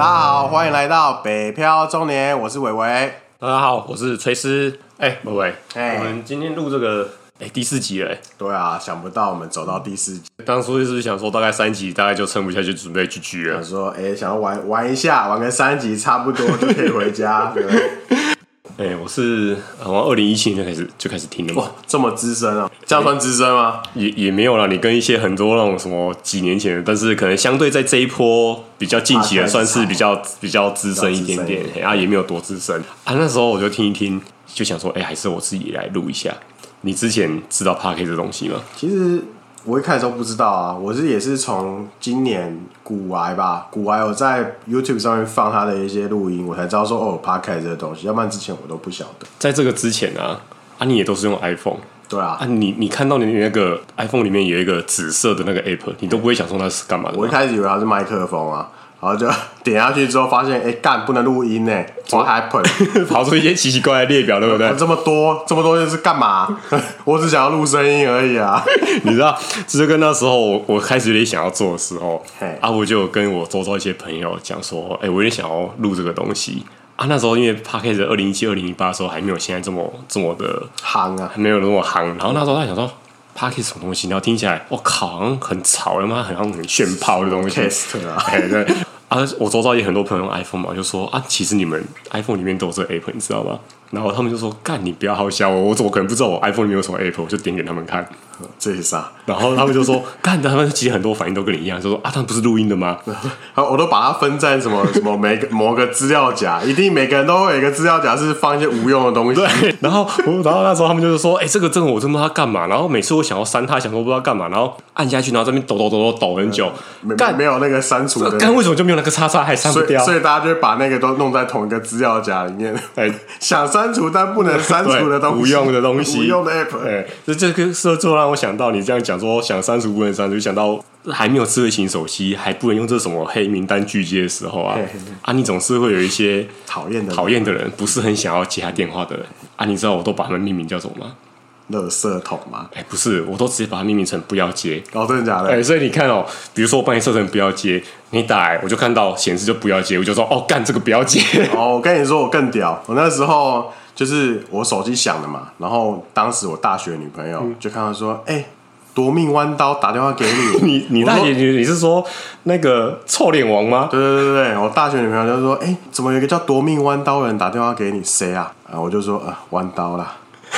大家好，歡迎來到《北漂中年》，我是偉偉。大家好，我是崔思。哎、欸，偉偉、欸，我們今天錄這個，哎、欸，第四集了哎、欸，對啊，想不到我們走到第四集。當初是不是想說大概三集，大概就撐不下去，準備 GG 了？想說哎、欸，想要玩玩一下，玩個三集差不多就可以回家。 對 哎、欸，我是好像二零一七年開始就開始聽的。哇，這麼資深啊，這樣算資深嗎？欸、也也沒有啦。你跟一些很多那種什麼幾年前的，但是可能相對在這一波比較近期的，算是比較比較資深一點點，點欸、啊，也沒有多資深、嗯、啊。那時候我就聽一聽，就想說，哎、欸，還是我自己來錄一下。你之前知道 PARK 這的東西嗎？其實。我一開始都不知道啊，我是也是從今年古埃吧，古埃我在 YouTube 上面放他的一些錄音，我才知道說哦，Podcast 這個東西，要不然之前我都不曉得。在這個之前呢、啊，阿、啊、你也都是用 iPhone，對啊，啊你你看到你那個 iPhone 裡面有一個紫色的那個 App，你都不會想說它是幹嘛的？我一開始以為它是麥克風啊。然後就點下去之後，發現哎，幹、欸、不能錄音呢，What happened？跑出一些奇奇怪怪列表，對不對？啊、這麼多這麼多就是幹嘛？ 我只想要錄聲音而已啊！你知道，其實跟那時候我，我開始有點想要做的時候，嘿啊，我就跟我周遭一些朋友講說，哎、欸，我有點想要錄這個東西啊。那時候因為 Podcast 二零一七、二零一八的時候還沒有現在這麼這麼的夯啊，還沒有那麼夯。然後那時候他想說。Podcast 什麼東西？然後聽起來，我、哦、靠，好像很吵，他媽很像很炫炮的東西，就是。啊、欸，對 啊，我周遭也很多朋友用 iPhone 嘛，我就說啊，其實你們 iPhone 裡面都是 App，你知道嗎？然後他們就說，幹你不要好笑，哦，我怎麼可能不知道我 iPhone 裡面有什麼 App？E，我就點給他們看。這些是啥然後他們就說，幹 的，他們其實很多反應都跟你一樣，就說啊，他們不是錄音的嗎？然後我都把它分在什麼什麼每個 某個資料夾，一定每個人都會有一個資料夾是放一些無用的東西對。然後，然後那時候他們就是說，哎、欸，這個真的我真不知道它幹嘛？然後每次我想要刪它，想說不知道幹嘛，然後按下去，然後這邊抖抖抖抖抖很久，幹、嗯、沒有那個刪除的，幹為什麼就沒有那個叉叉還刪不掉？所以大家就把那個都弄在同一個資料夾裡面，哎、欸，想刪除但不能刪除的都無用的東西，無用的 app，哎，這這個是做了。我想到你這樣講說想刪除不能刪除，就想到還沒有智慧型手機，還不能用這什麼黑名單拒接的時候啊嘿嘿嘿啊！你總是會有一些討厭的討厭的人，不是很想要接他電話的人啊！你知道我都把他們命名叫什麼嗎？樂色桶嗎？哎、欸，不是，我都直接把它命名成不要接。哦，真的假的？哎、欸，所以你看哦，比如說我幫你設成不要接，你打來我就看到顯示就不要接，我就說哦，幹這個不要接。哦，我跟你說我更屌，我那時候。就是我手機響了嘛，然後當時我大學女朋友就看到說：“哎、嗯，欸、奪命彎刀打電話給你， 你你那你你你是說那個臭臉王嗎？”對對對我大學女朋友就說：“哎、欸，怎麼有一個叫奪命彎刀的人打電話給你？誰啊？”啊，我就說：“呃，彎刀啦，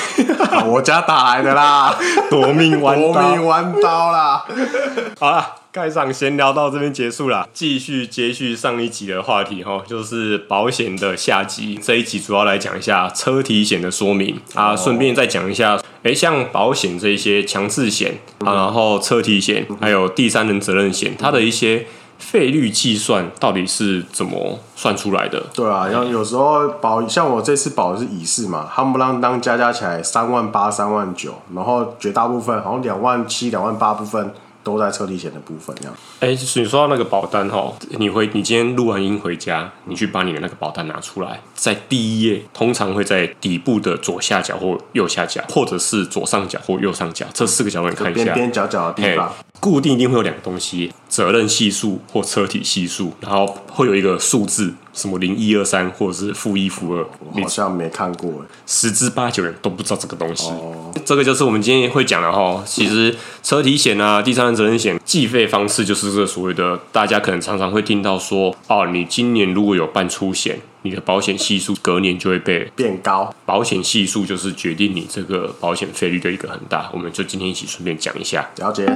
我家打來的啦，奪 命彎彎，彎 刀啦。 ”好啦。蓋上先聊到這邊結束啦，繼續接續上一集的話題哈，就是保險的下集。這一集主要來講一下車體險的說明啊，順便再講一下，哎，像保險這一些強制險啊，然後車體險還有第三人責任險，它的一些費率計算到底是怎麼算出來的、哦？哦啊欸啊嗯、對啊，像有時候保像我這次保的是乙式嘛，夯不啷當加加起來三萬八、三萬九，然後絕大部分好像兩萬七、兩萬八部分。都在車體險的部分，這樣。哎、欸，所以說到那個保單哈、哦，你回你今天錄完音回家，你去把你的那個保單拿出來，在第一頁，通常會在底部的左下角或右下角，或者是左上角或右上角，這四個角落你看一下。邊邊角角的地方、欸，固定一定會有兩個東西。責任係數或車體係數，然後會有一個數字，什麼零一二三或者是負一負二，我好像沒看過，十之八九人都不知道這個東西。哦，這個就是我們今天會講的哈。其實車體險啊、第三人責任險計費方式，就是這個所謂的，大家可能常常會聽到說，哦，你今年如果有辦出險，你的保險係數隔年就會被變高。保險係數就是決定你這個保險費率的一個很大，我們就今天一起順便講一下，了解。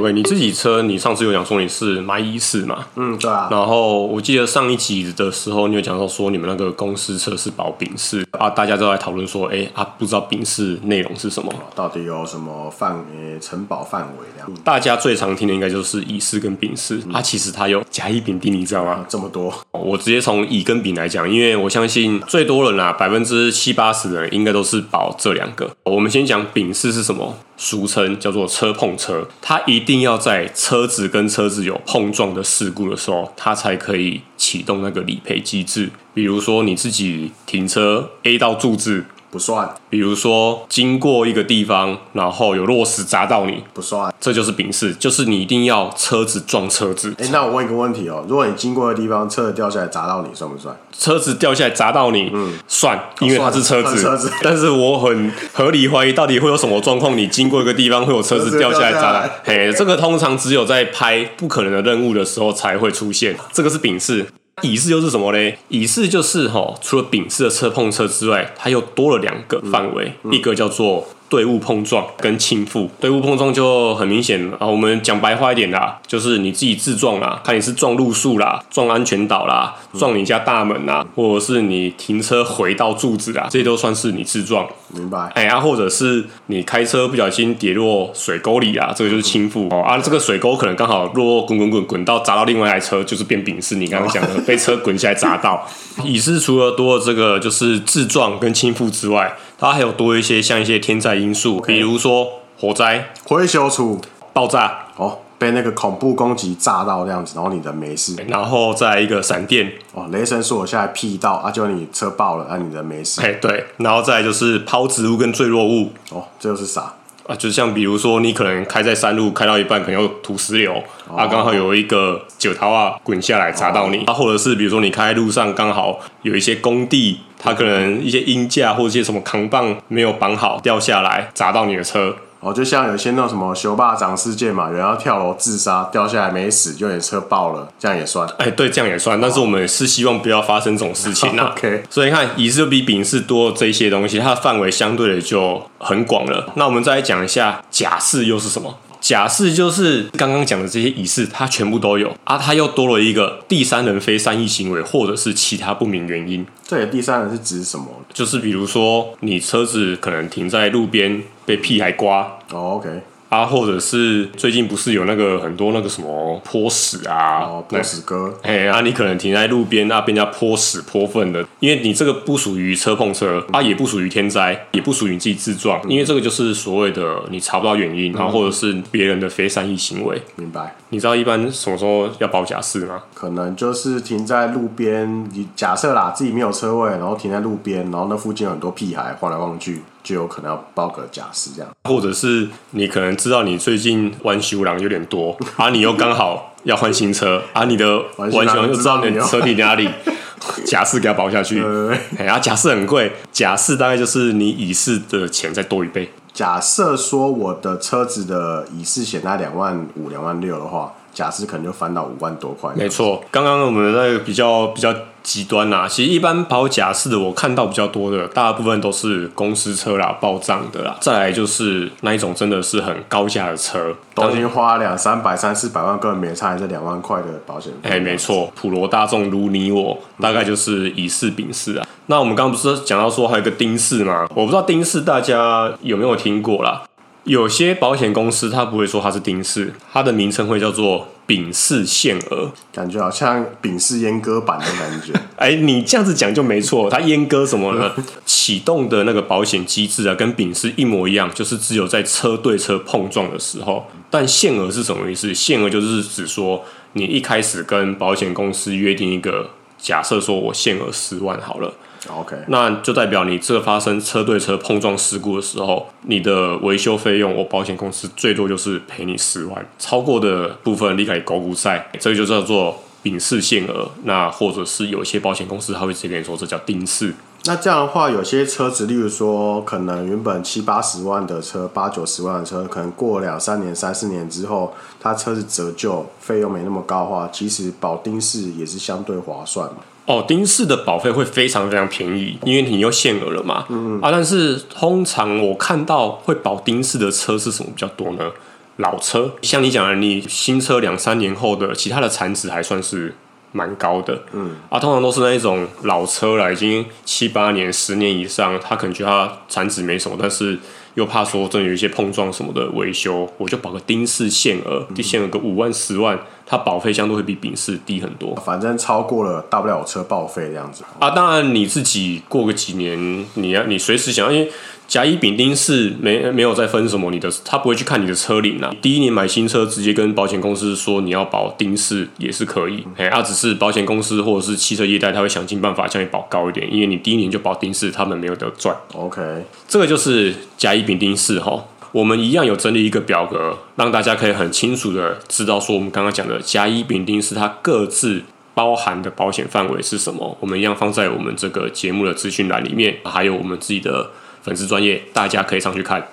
喂、okay，你自己車，你上次有講說你是買乙式嘛？嗯，對啊。然後我記得上一集的時候，你有講到說你們那個公司車是保丙式啊，大家都在討論說，哎、欸、啊，不知道丙式內容是什麼，到底有什麼範圍？承保範圍。大家最常聽的應該就是乙式跟丙式，嗯，啊，其實它有甲乙丙丁，你知道嗎？這麼多，我直接從乙跟丙來講，因為我相信最多人啊，百分之七八十的人應該都是保這兩個。我們先講丙式是什麼。俗稱叫做車碰車，它一定要在車子跟車子有碰撞的事故的時候，它才可以啟動那個理賠機制。比如說你自己停車 A 到柱子。不算，比如說經過一個地方，然後有落石砸到你，不算，這就是丙式，就是你一定要車子撞車子。誒，那我問一個問題哦，如果你經過的地方車子掉下來砸到你，算不算？車子掉下來砸到你，嗯，算，因為它是車子。車子。但是我很合理懷疑，到底會有什麼狀況？ 你經過一個地方會有車子掉下來砸到。嘿，這個通常只有在拍不可能的任務的時候才會出現，這個是丙式。乙式又是什麼呢？乙式就是哈、哦，除了丙式的車碰車之外，它又多了兩個範圍、嗯嗯，一個叫做。對物碰撞跟傾覆，對物碰撞就很明顯啊。我們講白話一點啦，就是你自己自撞啦，看你是撞路樹啦、撞安全島啦、嗯、撞你家大門啦，或者是你停車回到柱子啦，這些都算是你自撞。明白？哎啊或者是你開車不小心跌落水溝裡啊，這個就是傾覆哦。啊，這個水溝可能剛好落滾滾滾滾，滾到砸到另外一台車，就是變丙式。你剛剛講的、哦、被車滾起來砸到，乙 式除了多了這個就是自撞跟傾覆之外。它、啊、還有多一些像一些天災因素，okay，比如說火災灰消除、爆炸哦，被那個恐怖攻擊炸到這樣子，然後你的沒事。欸、然後再一個閃電哦，雷神說我現在劈到啊，就你車爆了啊，你的沒事。哎、欸，對。然後再就是拋擲物跟墜落物哦，這就是啥？啊，就像比如說，你可能開在山路，開到一半可能有土石流，oh. 啊，剛好有一個酒桃啊滾下來砸到你；oh. 啊，或者是比如說你開在路上剛好有一些工地，它、oh. 啊、可能一些鷹架或者些什麼扛棒沒有綁好掉下來砸到你的車。哦，就像有些那種什麼“熊霸掌事件”嘛，有人要跳樓自殺，掉下來沒死，就也車爆了，這樣也算。哎、欸，對，這樣也算。但是我們是希望不要發生這種事情、啊、，OK。所以你看，乙式比丙式多這些東西，它的範圍相對的就很廣了。那我們再來講一下甲式又是什麼？甲式就是剛剛講的這些乙式，它全部都有啊，它又多了一個第三人非善意行為，或者是其他不明原因。這也第三人是指什麼？就是比如說，你車子可能停在路邊被屁孩刮。Oh, OK。啊，或者是最近不是有那個很多那個什麼潑屎啊，潑屎、哦、潑屎哥，哎啊，你可能停在路邊，那邊家潑屎潑糞的，因為你這個不屬於車碰車、嗯，啊，也不屬於天災，也不屬於你自己自撞、嗯，因為這個就是所謂的你查不到原因，然、嗯、後、啊、或者是別人的非善意行為。明白？你知道一般什麼時候要保甲式嗎？可能就是停在路邊，你假設啦，自己沒有車位，然後停在路邊，然後那附近有很多屁孩晃來晃去。就有可能要保個甲式這樣，或者是你可能知道你最近彎修量有點多， 啊，你又剛好要換新車， 啊，你的彎修就知道你的車體哪裡， 甲式給他保下去，哎 對，對對笑啊，甲式很貴，甲式大概就是你乙式的錢再多一倍。假設說，我的車子的乙式險在兩萬五、兩萬六的話，甲式可能就翻到五萬多塊。沒錯，剛剛我們的那個比較比較極端啦，其實一般跑甲式的，我看到比較多的，大部分都是公司車啦、報帳的啦。再來就是那一種真的是很高價的車，都已經花兩三百、三四百萬，個人沒差。還是兩萬塊的保險費、欸。沒錯，普羅大眾如你我、嗯，大概就是乙式、丙式啦、丙式啊。那我們剛剛不是講到說還有一個丁式嗎？我不知道丁式大家有沒有聽過啦。有些保險公司他不會說他是丁式，他的名稱會叫做丙式限額，感覺好像丙式閹割版的感覺。哎、 欸，你這樣子講就沒錯，他閹割什麼呢？啟 動的那個保險機制啊，跟丙式一模一樣，就是只有在車對車碰撞的時候。但限額是什麼意思？限額就是指說，你一開始跟保險公司約定一個，假設說我限額十萬好了。OK，那就代表你這發生車對車碰撞事故的時候，你的維修費用，我保險公司最多就是賠你十萬，超過的部分離開高股賽，這個就叫做丙式限額。那或者是有一些保險公司他會這邊說這叫丁式。那這樣的話，有些車子，例如說可能原本七八十萬的車，八九十萬的車，可能過兩三年、三四年之後，它車子折舊費用沒那麼高的話，其實保丁式也是相對划算嘛。哦，丁式的保費會非常非常便宜，因為你又限額了嘛、嗯。啊，但是通常我看到會保丁式的車是什麼比較多呢？老車，像你講的，你新車兩三年後的其他的產值還算是蠻高的。嗯啊，通常都是那種老車了，已經七八年、十年以上，他可能覺得他產值沒什麼，但是又怕說真有一些碰撞什麼的維修，我就保個丁式限額，就限額個五萬、十萬。它保費相對會比丙式低很多，反正超過了大不了我車報廢這樣子啊。當然你自己過個幾年，你要你隨時想要，因為甲乙丙丁式沒沒有在分什麼你的，他不會去看你的車齡啊。第一年買新車，直接跟保險公司說你要保丁式，也是可以，哎，啊、只是保險公司或者是汽車業代，他會想盡辦法叫你保高一點，因為你第一年就保丁式，他們沒有得賺。OK，這個就是甲乙丙丁式。吼。我們一樣有整理一個表格，讓大家可以很清楚的知道說，我們剛剛講的甲乙丙丁是它各自包含的保險範圍是什麼。我們一樣放在我們這個節目的資訊欄裡面，還有我們自己的粉絲專頁，大家可以上去看。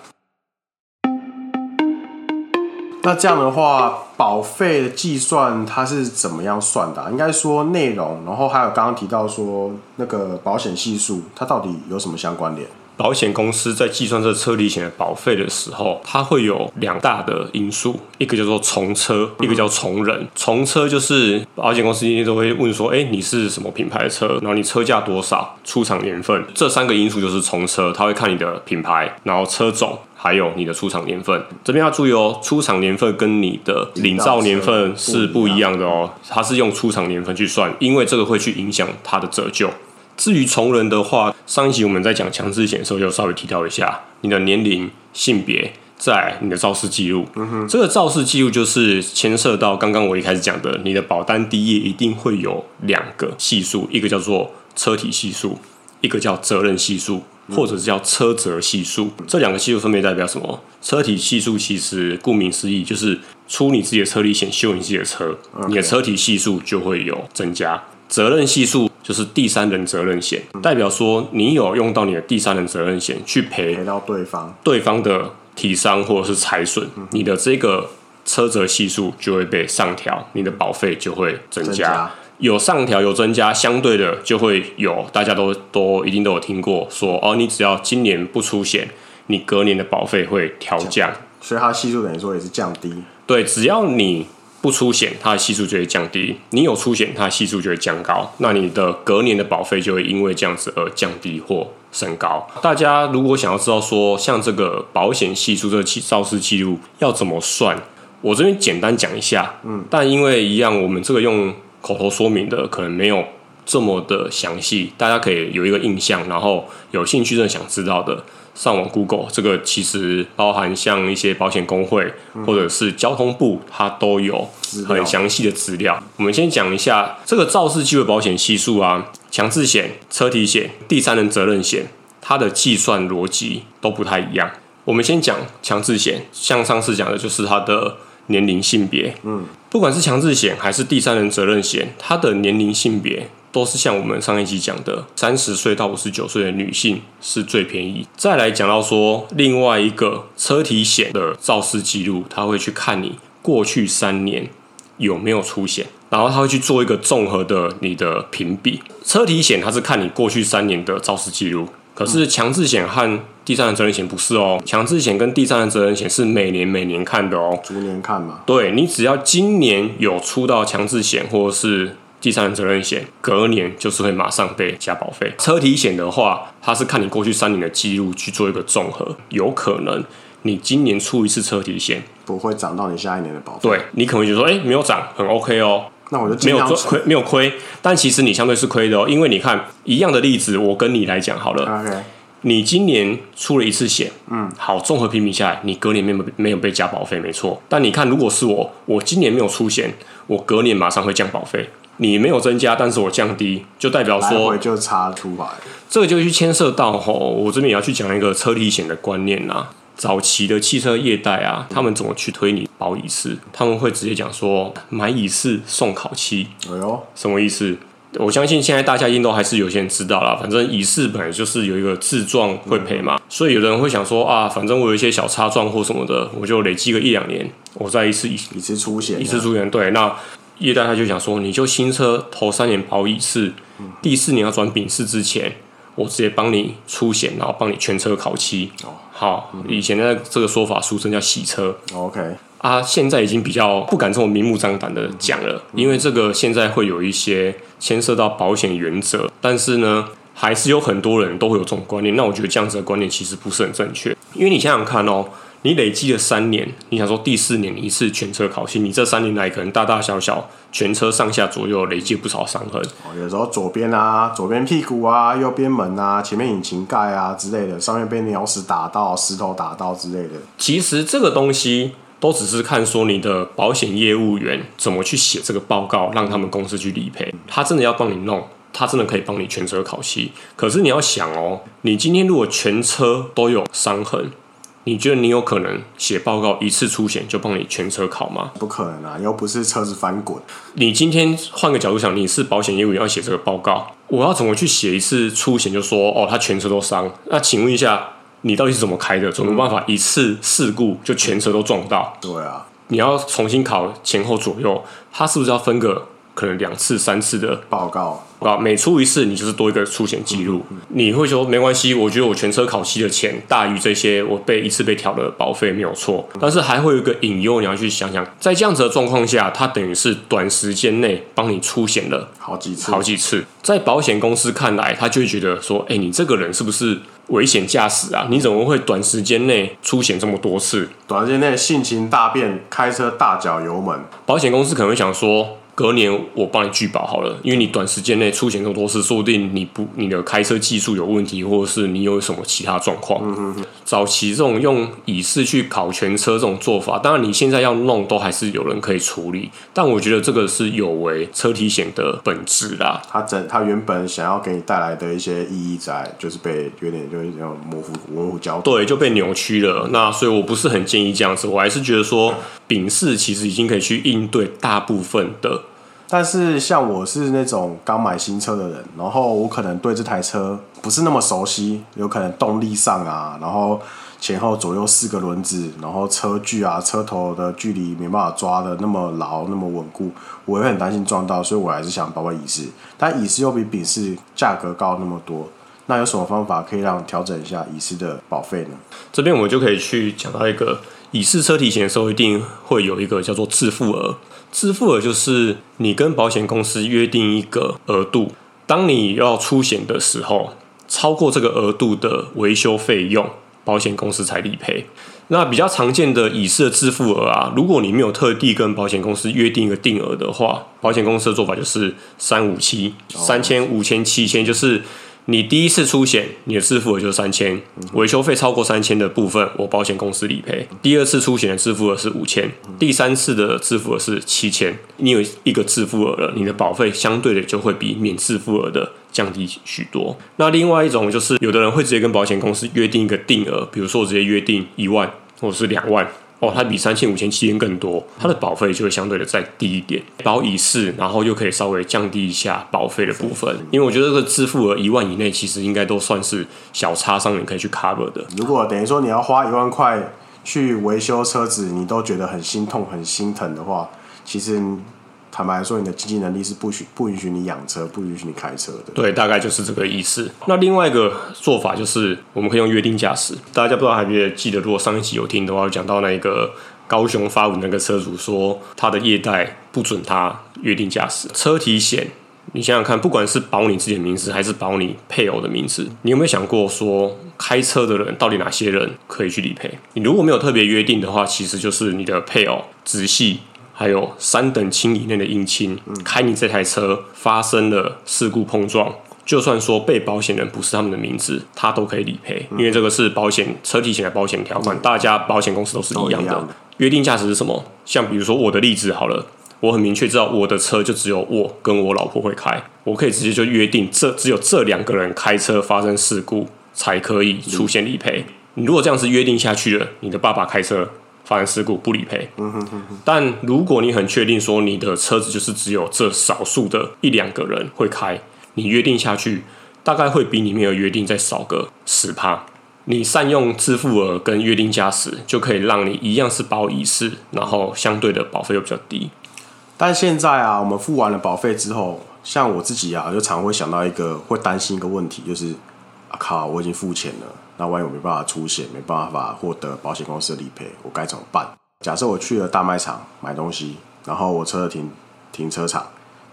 那這樣的話，保費的計算它是怎麼樣算的啊？應該說內容，然後還有剛剛提到說那個保險係數，它到底有什麼相關聯？保險公司在計算這車險的保費的時候，它會有兩大的因素，一個叫做從車，一個叫從人。從車就是保險公司一天都會問說，哎、欸，你是什麼品牌的車，然後你車價多少，出廠年份，這三個因素就是從車。它會看你的品牌，然後車種，還有你的出廠年份。這邊要注意哦，出廠年份跟你的領照年份是不一樣的哦，它是用出廠年份去算，因為這個會去影響它的折舊。至於從人的話，上一集我們在講強制險的時候，就稍微提到一下你的年齡、性別，在你的肇事記錄。嗯哼，這個肇事記錄就是牽涉到剛剛我一開始講的，你的保單第一頁一定會有兩個係數，一個叫做車體係數，一個叫責任係數，或者是叫車責係數。這兩個係數分別代表什麼？車體係數其實顧名思義就是出你自己的車體險，修你自己的車，okay，你的車體係數就會有增加。責任係數。就是第三人責任險，嗯，代表說你有用到你的第三人責任險去賠賠到對方對方的體傷或者是財損，嗯，你的這個車責係數就會被上調，你的保費就會增加。增加有上調有增加，相對的就會有大家都都一定都有聽過說哦，你只要今年不出險，你隔年的保費會調降，所以它係數等於說也是降低。對，只要你。不出險，它的係數就會降低；你有出險，它的系數就會降高。那你的隔年的保費就會因為這樣子而降低或升高。大家如果想要知道說，像這個保險係數、這個肇事記錄要怎麼算，我這邊簡單講一下。嗯，但因為一樣，我們這個用口頭說明的可能沒有。這麼的詳細，大家可以有一個印象，然後有興趣的想知道的，上網 Google 這個其實包含像一些保險公會、嗯、或者是交通部，它都有很詳細的資料。我們先講一下這個肇事機會保險係數啊，強制險、車體險、第三人責任險，它的計算邏輯都不太一樣。我們先講強制險，像上次講的就是它的年齡性別，嗯，不管是強制險還是第三人責任險，它的年齡性別。都是像我們上一集講的，三十歲到五十九歲的女性是最便宜。再來講到說，另外一個車體險的肇事記錄，它會去看你過去三年有沒有出險，然後它會去做一個綜合的你的評比。車體險它是看你過去三年的肇事記錄，可是強制險和第三者責任險不是哦，強制險跟第三者責任險是每年每年看的哦，逐年看嘛。對，你只要今年有出到強制險或者是。第三人責任險隔年就是會馬上被加保費。車體險的話，它是看你過去三年的記錄去做一個綜合，有可能你今年出一次車體險，不會漲到你下一年的保費。對你可能就說：“哎、欸，沒有漲，很 OK 哦、喔。”那我就沒有虧，沒有虧。但其實你相對是虧的哦、喔，因為你看一樣的例子，我跟你來講好了。OK，你今年出了一次險，嗯，好，綜合評比下來，你隔年沒沒沒有被加保費，沒錯。但你看，如果是我，我今年沒有出險，我隔年馬上會降保費。你沒有增加，但是我降低，就代表說就回，回就差出來，這個就去牽涉到吼，我這邊也要去講一個車體險的觀念吶。早期的汽車業代啊、嗯，他們怎麼去推你保乙式？他們會直接講說買乙式送烤漆。哎呦，什麼意思？我相信現在大家應該都還是有些人知道啦。反正乙式本來就是有一個自撞會賠嘛、嗯，所以有人會想說啊，反正我有一些小擦撞或什麼的，我就累積個一兩年，我再一次現一次出險一次出險對那。業代他就想說，你就新車頭三年保一次，第四年要轉丙式之前，我直接幫你出險，然後幫你全車烤漆。哦。好，以前的、那個嗯、這個說法俗稱叫洗車。哦、OK，啊，現在已經比較不敢這麼明目張膽的講了、嗯，因為這個現在會有一些牽涉到保險原則。但是呢，還是有很多人都會有這種觀念。那我覺得這樣子的觀念其實不是很正確，因為你想想看哦。你累計了三年，你想說第四年一次全車烤漆？你這三年來可能大大小小全車上下左右累計不少傷痕。哦，有時候左邊啊，左邊屁股啊，右邊門啊，前面引擎蓋啊之類的，上面被鳥屎打到、石頭打到之類的。其實這個東西都只是看說你的保險業務員怎麼去寫這個報告，讓他們公司去理賠。他真的要幫你弄，他真的可以幫你全車烤漆。可是你要想哦，你今天如果全車都有傷痕。你覺得你有可能寫報告一次出險就幫你全車考嗎？不可能啊，又不是車子翻滾。你今天換個角度想，你是保險業務員要寫這個報告，我要怎麼去寫一次出險就說哦，他全車都傷？那請問一下，你到底是怎麼開的？怎麼辦法一次事故就全車都撞到？對啊，你要重新考前後左右，他是不是要分個可能兩次三次的報告？啊，每出一次，你就是多一個出險記錄。你會說沒關係，我覺得我全車烤漆的錢大於這些，我被一次被挑的保費沒有錯。但是還會有一個隱憂，你要去想想，在這樣子的狀況下，他等於是短時間內幫你出險了好幾次，好幾次。在保險公司看來，他就會覺得說，哎，你這個人是不是危險駕駛啊？你怎麼會短時間內出險這麼多次？短時間內性情大變，開車大腳油門，保險公司可能會想說。隔年我幫你拒保好了，因為你短時間內出險這麼多次，說不定你不，你的開車技術有問題，或者是你有什麼其他狀況。嗯、嗯、嗯早期這種用乙式去考全車這種做法，當然你現在要弄都還是有人可以處理，但我覺得這個是有違車體險的本質啦，他整他原本想要給你帶來的一些意義在，就是被有點就模糊模糊交對就被扭曲了。那所以我不是很建議這樣子，我還是覺得說丙式其實已經可以去應對大部分的。但是像我是那種剛買新車的人，然後我可能對這台車不是那麼熟悉，有可能動力上啊，然後前後左右四個輪子，然後車距啊，車頭的距離沒辦法抓的那麼牢，那麼穩固，我也很擔心撞到，所以我還是想保個乙式。但乙式又比丙式價格高那麼多，那有什麼方法可以讓調整一下乙式的保費呢？這邊我們就可以去講到一個乙式車體險的時候，一定會有一個叫做自付額。支付額就是你跟保險公司約定一個額度，當你要出險的時候，超過這個額度的維修費用，保險公司才理賠。那比較常見的乙式支付額啊，如果你沒有特地跟保險公司約定一個定額的話，保險公司的做法就是三五七，三千、五千、七千，就是。你第一次出險，你的自付額就是三千，維修費超過三千的部分，我保險公司理賠。第二次出險的自付額是五千，第三次的自付額是七千。你有一個自付額了，你的保費相對的就會比免自付額的降低許多。那另外一種就是，有的人會直接跟保險公司約定一個定額，比如說我直接約定一萬，或者是兩萬。哦，它比三千五千七千更多，它的保費就會相對的再低一點，保乙式，然後又可以稍微降低一下保費的部分，因為我覺得這個支付額一萬以內，其實應該都算是小擦撞，你可以去 cover 的。如果等於說你要花一萬塊去維修車子，你都覺得很心痛、很心疼的話，其實。坦白來說，你的經濟能力是不許不允許你養車，不允許你開車的。對，大概就是這個意思。那另外一個做法就是，我們可以用約定駕駛。大家不知道還記不記得，如果上一期有聽的話，會講到那個高雄發文那個車主說，他的業貸不准他約定駕駛車體險。你想想看，不管是保你自己的名字，還是保你配偶的名字，你有沒有想過說，開車的人到底哪些人可以去理賠？你如果沒有特別約定的話，其實就是你的配偶、直系。還有三等親以內的姻親，開你這台車發生了事故碰撞，就算說被保險人不是他們的名字，他都可以理賠，因為這個是保險車體險的保險條款，大家保險公司都是一樣的約定價值是什麼？像比如說我的例子好了，我很明確知道我的車就只有我跟我老婆會開，我可以直接就約定，這只有這兩個人開車發生事故才可以出現理賠。你如果這樣子約定下去了，你的爸爸開車。發生事故不理賠。但如果你很確定說你的車子就是只有這少數的一兩個人會開，你約定下去，大概會比你沒有約定再少個十趴。你善用自付額跟約定駕駛，就可以讓你一樣是保乙式，然後相對的保費又比較低。但現在啊，我們付完了保費之後，像我自己啊，就常會想到一個會擔心一個問題，就是啊靠，我已經付錢了。那萬一我沒辦法出險，沒辦法獲得保險公司的理賠，我該怎麼辦？假設我去了大賣場買東西，然後我車停停車場，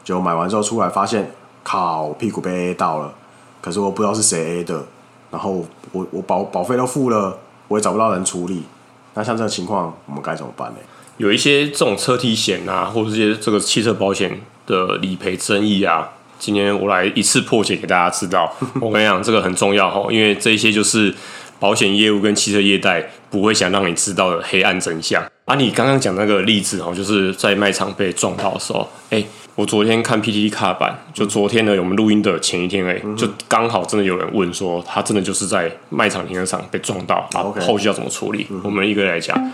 就買完之後出來發現，靠，我屁股被 A 到了，可是我不知道是誰 A 的，然後我我,我保保費都付了，我也找不到人處理，那像這種情況我們該怎麼辦呢？有一些這種車體險啊，或者一些這個汽車保險的理賠爭議啊。今天我來一次破解給大家知道，我跟你講這個很重要哈，因為這些就是保險業務跟汽車業代不會想讓你知道的黑暗真相。啊，你剛剛講那個例子哦，就是在賣場被撞到的時候，哎，我昨天看 PTT 卡板，就昨天呢，我們錄音的前一天哎、欸，就剛好真的有人問說，他真的就是在賣場停車場被撞到，啊，然後後續要怎麼處理？我們一個來講，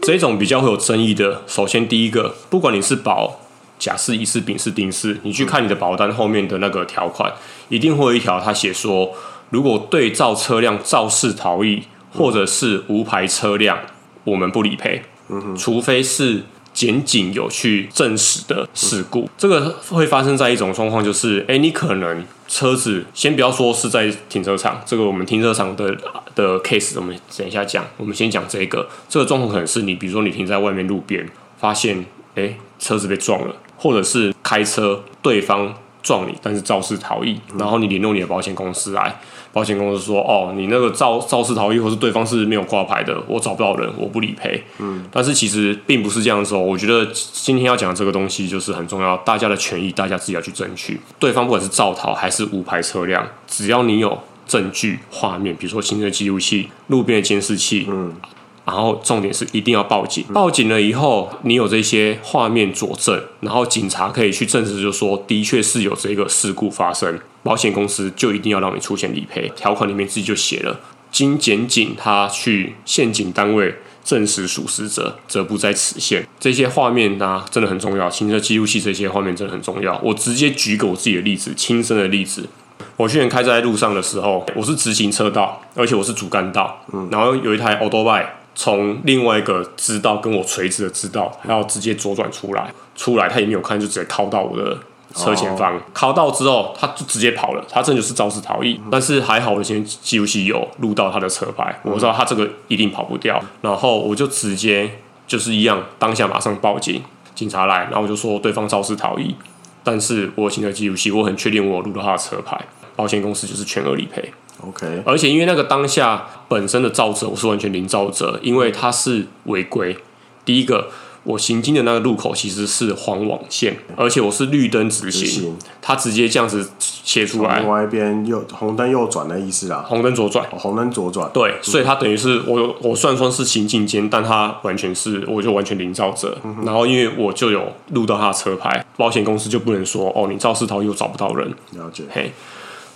這種比較會有爭議的，首先第一個，不管你是保甲式、乙式、丙式丁式，你去看你的保單後面的那個條款，一定會有一條，他寫說，如果對造車輛肇事逃逸，或者是無牌車輛，我們不理賠。嗯，除非是檢警有去證實的事故，嗯，這個會發生在一種狀況，就是，哎、欸，你可能車子，先不要說是在停車場，這個我們停車場的的 case，我們等一下講，我們先講這個，這個狀況可能是你，比如說你停在外面路邊，發現，哎、欸，車子被撞了。或者是開車，對方撞你，但是肇事逃逸、嗯，然後你聯絡你的保險公司來，保險公司說哦，你那個肇、肇事逃逸，或是對方是沒有掛牌的，我找不到人，我不理賠。嗯，但是其實並不是這樣的時候，我覺得今天要講的這個東西就是很重要，大家的權益，大家自己要去爭取。對方不管是造逃還是無牌車輛，只要你有證據、畫面，比如說行車記錄器、路邊的監視器，嗯。然後重點是一定要報警，報警了以後，你有這些畫面佐證，然後警察可以去證實，就說的確是有這個事故發生，保險公司就一定要讓你出險理賠。條款裡面自己就寫了，經檢警他去憲警單位證實屬實者，則不在此限。這些畫面呢、啊，真的很重要，行車記錄器這些畫面真的很重要。我直接舉個我自己的例子，親身的例子。我去年開在路上的時候，我是直行車道，而且我是主幹道，嗯，然後有一台歐兜拜從另外一個支道，跟我垂直的支道，然後直接左轉出來，出來他也沒有看，就直接靠到我的車前方，oh. 靠到之後他就直接跑了，他這就是肇事逃逸。嗯、但是還好我今天記錄器有錄到他的車牌，我知道他這個一定跑不掉，嗯、然後我就直接就是一樣，當下馬上報警，警察來，然後我就說對方肇事逃逸，但是我現在記錄器我很確定我有錄到他的車牌，保險公司就是全額理賠。OK，而且因為那個當下本身的肇事，我是完全零肇事，因為它是違規。第一個，我行進的那個路口其實是黃網線，而且我是綠燈直行，行，他直接這樣子切出來，另外一邊又紅燈右轉的意思啊，紅燈左轉，哦，紅燈左轉，對，所以他等於是我我算算是行進間，但他完全是我就完全零肇事，嗯。然後因為我就有錄到他的車牌，保險公司就不能說哦你肇事逃逸又找不到人，了解，嘿、hey,，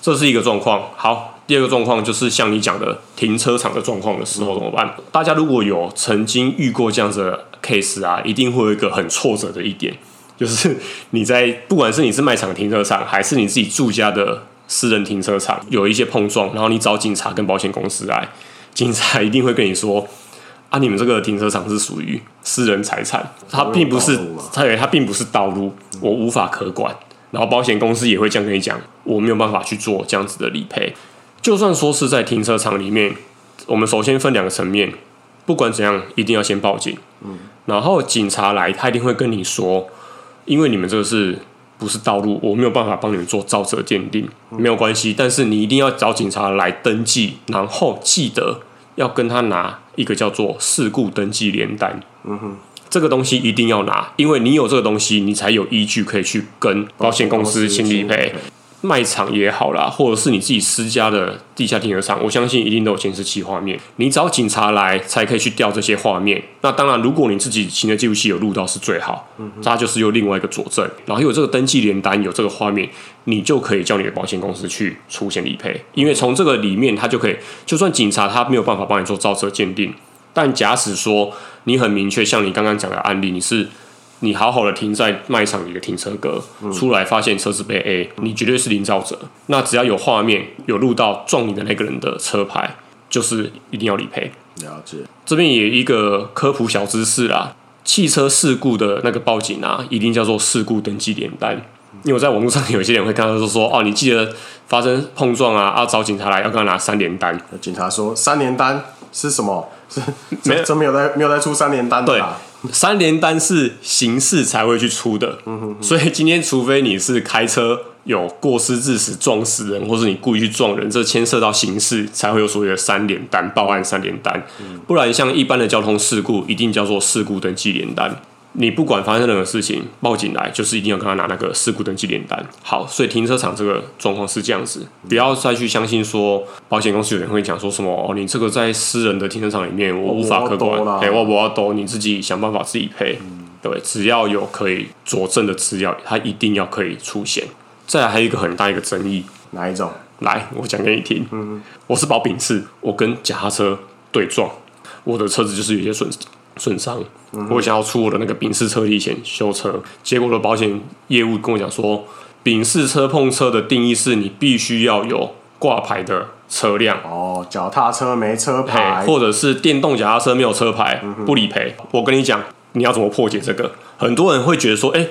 這是一個狀況，好。第二個狀況就是像你講的停車場的狀況的時候怎麼辦？大家如果有曾經遇過這樣子的 case 啊，一定會有一個很挫折的一點，就是你在不管是你是賣場停車場，還是你自己住家的私人停車場，有一些碰撞，然後你找警察跟保險公司來，警察一定會跟你說啊，你們這個停車場是屬於私人財產，他並不是，他以為他並不是道路，我無法可管。然後保險公司也會這樣跟你講，我沒有辦法去做這樣子的理賠。就算說是在停車場裡面，我們首先分兩個層面，不管怎樣，一定要先報警、嗯。然後警察來，他一定會跟你說，因為你們這個是不是道路，我沒有辦法幫你們做肇事鑑定、嗯，沒有關係。但是你一定要找警察來登記，然後記得要跟他拿一個叫做事故登記聯單。嗯哼，這個東西一定要拿，因為你有這個東西，你才有依據可以去跟保險公司去理賠。賣場也好啦，或者是你自己私家的地下停車場，我相信一定都有監視器畫面。你找警察來才可以去調這些畫面。那當然，如果你自己行車記錄器有錄到是最好，嗯，它就是有另外一個佐證。然後有這個登記聯單，有這個畫面，你就可以叫你的保險公司去出險理賠。因為從這個裡面，它就可以，就算警察他沒有辦法幫你做肇事鑑定，但假使說你很明確，像你剛剛講的案例，你是。你好好的停在賣場裡的停車格，嗯，出來發現車子被 A，你絕對是領導者。那只要有畫面有錄到撞你的那個人的車牌，就是一定要理賠。了解。這邊也有一個科普小知識啦，汽車事故的那個報警啊，一定叫做事故登記聯單，嗯。因為我在網絡上有一些人會看到就說，哦，你記得發生碰撞啊，要、啊、找警察來，要跟他拿三聯單。警察說三聯單是什麼？是沒有，這沒有在沒有在出三聯單的，啊。對，三聯單是刑事才會去出的，所以今天除非你是開車有過失致死撞死人，或是你故意去撞人，這牽涉到刑事才會有所謂的三聯單報案三聯單，不然像一般的交通事故，一定叫做事故登記聯單。你不管發生任何事情，報警來就是一定要跟他拿那個事故登記聯單。好，所以停車場這個狀況是這樣子，不要再去相信說保險公司有人會講說什麼哦，你這個在私人的停車場裡面，我無法可管，哎，我不要多、欸，你自己想辦法自己賠、嗯。對，只要有可以佐證的資料，它一定要可以出險。再來還有一個很大一個爭議，哪一種？來，我講給你聽。嗯、我是保丙式，我跟假車對撞，我的車子就是有些損損傷。嗯、我想要出我的那個丙式車體險修車，結果的保險業務跟我講說，丙式車碰車的定義是你必須要有掛牌的車輛哦，腳踏車沒車牌，或者是電動腳踏車沒有車牌、嗯、不理賠。我跟你講，你要怎麼破解這個？嗯、很多人會覺得說，哎、欸，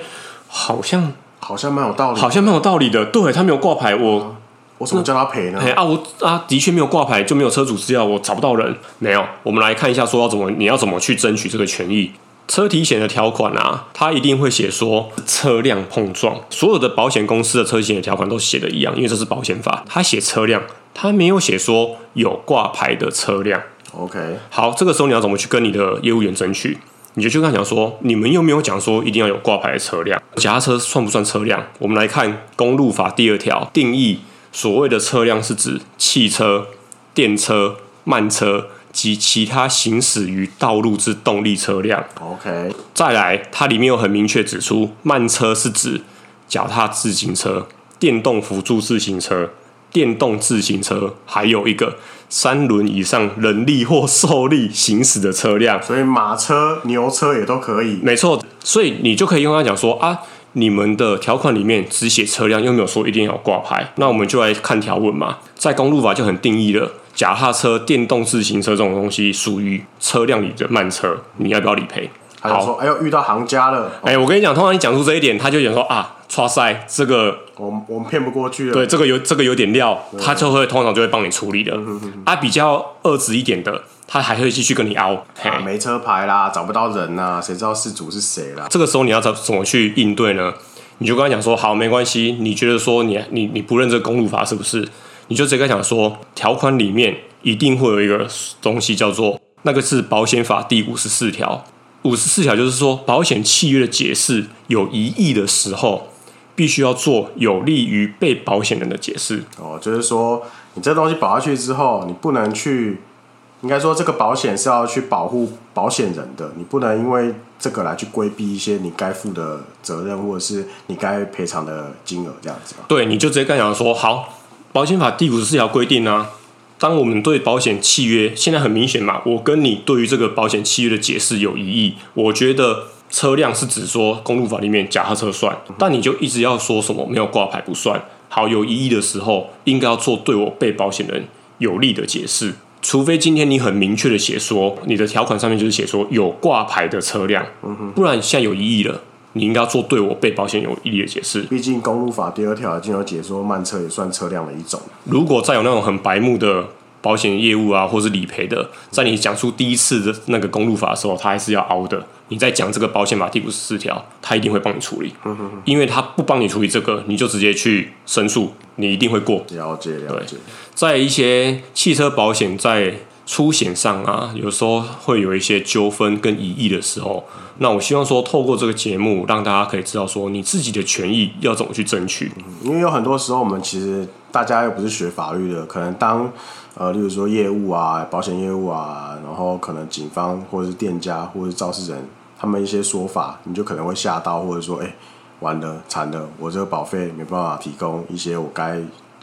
好像好像蠻有道理，好像蠻有道理的。對他沒有掛牌，我。啊我怎麼叫他賠呢？賠？啊，我啊，的確沒有掛牌，就沒有車主資料，我找不到人。沒有，我們來看一下，說要怎麼，你要怎麼去爭取這個權益？車體險的條款啊，它一定會寫說車輛碰撞，所有的保險公司的車險的條款都寫的一樣，因為這是保險法，他寫車輛，他沒有寫說有掛牌的車輛。OK，好，這個時候你要怎麼去跟你的業務員爭取？你就去跟他講說，你們又沒有講說一定要有掛牌的車輛，其他車算不算車輛？我們來看《公路法》第二條定義。所謂的車輛是指汽車、電車、慢車及其他行駛於道路之動力車輛。OK，再來，它裡面有很明確指出，慢車是指腳踏自行車、電動輔助自行車、電動自行車，還有一個三輪以上人力或獸力行駛的車輛，所以馬車、牛車也都可以。沒錯，所以你就可以用它講說啊。你們的條款裡面只寫車輛，又沒有說一定要掛牌，那我們就來看條文嘛。在公路法就很定義了，腳踏車、電動自行車這種東西屬於車輛裡的慢車，你要不要理賠？他說哎呦，遇到行家了！哎，我跟你講，通常你講出這一點，他就講說，啊，剉屎，這個，我們我們騙不過去了。對，這個有這個有點料，他就會通常就會幫你處理的。嗯、哼哼哼啊，比較惡質一點的。他還會繼續跟你凹、啊，沒車牌啦，找不到人啦、啊，誰知道事主是誰啦。這個時候你要怎怎麼去應對呢？你就跟他講說，好，沒關係。你覺得說你你你不認這公路法是不是？你就直接跟他講說，條款裡面一定會有一個東西叫做那個是保險法第五十四條。五十四條就是說，保險契約的解釋有疑義的時候，必須要做有利於被保險人的解釋。哦，就是說你這東西保下去之後，你不能去。應該說，這個保險是要去保護保險人的，你不能因為這個來去規避一些你該負的責任，或者是你該賠償的金額這樣子吧？對，你就直接跟他說：“好，保險法第五十四條規定呢、啊，當我們對保險契約現在很明顯嘛，我跟你對於這個保險契約的解釋有異議，我覺得車輛是指說公路法裡面腳踏車算，但你就一直要說什麼沒有掛牌不算，好，有異議的時候，應該要做對我被保險人有利的解釋。”除非今天你很明確的寫說，你的條款上面就是寫說有掛牌的車輛，嗯哼，不然現在有異議了，你應該要做對我被保險有異議的解釋。畢竟公路法第二條已經有解說，慢車也算車輛的一種。如果再有那種很白目的。保險業務啊，或是理賠的，在你講出第一次的那個公路法的時候，他還是要熬的。你在講這個保險法第五十四條，他一定會幫你處理，嗯、因為他不幫你處理這個，你就直接去申訴，你一定會過。了解，了解。在一些汽車保險在出險上啊，有時候會有一些糾紛跟疑義的時候，那我希望說透過這個節目，讓大家可以知道說你自己的權益要怎麼去爭取，因為有很多時候我們其實。大家又不是學法律的，可能當呃，例如說業務啊、保險業務啊，然後可能警方或者是店家或者是肇事人，他們一些說法，你就可能會嚇到，或者說哎、欸，完了慘了，我這個保費沒辦法提供一些我該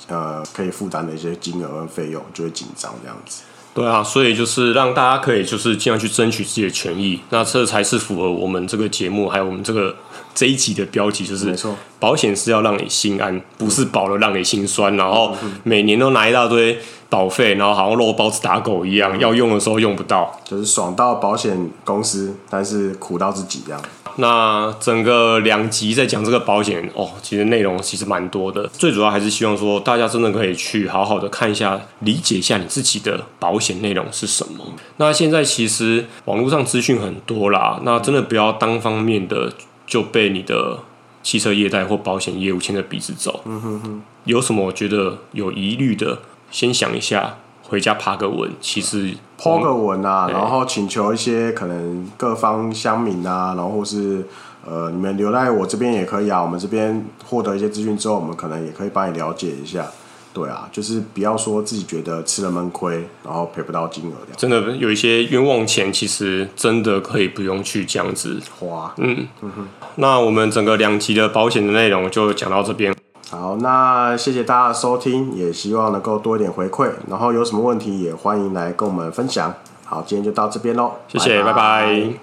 呃可以負擔的一些金額和費用，就會緊張這樣子。對啊，所以就是讓大家可以就是儘量去爭取自己的權益，那這才是符合我們這個節目還有我們這個。這一集的標題就是：保險是要讓你心安，不是保了讓你心酸。然後每年都拿一大堆保費，然後好像肉包子打狗一樣，要用的時候用不到，就是爽到保險公司，但是苦到自己一樣。那整個兩集在講這個保險哦，其實內容其實蠻多的。最主要還是希望說，大家真的可以去好好的看一下，理解一下你自己的保險內容是什麼。那現在其實網絡上資訊很多啦，那真的不要單方面的。就被你的汽車業代或保險業務牽着鼻子走。嗯哼哼，有什麼我覺得有疑慮的，先想一下，回家爬個文，其實趴、嗯、個文啊、嗯，然後請求一些可能各方鄉民啊，嗯、然後或是呃，你們留在我這邊也可以啊。我們這邊獲得一些資訊之後，我們可能也可以幫你了解一下。對啊，就是不要說自己覺得吃了悶虧，然後賠不到金額的。真的有一些冤枉錢，其實真的可以不用去這樣子花。嗯嗯哼，那我們整個兩集的保險的內容就講到這邊。好，那謝謝大家的收聽，也希望能夠多一點回饋，然後有什麼問題也歡迎來跟我們分享。好，今天就到這邊嘍，謝謝，拜拜。拜拜。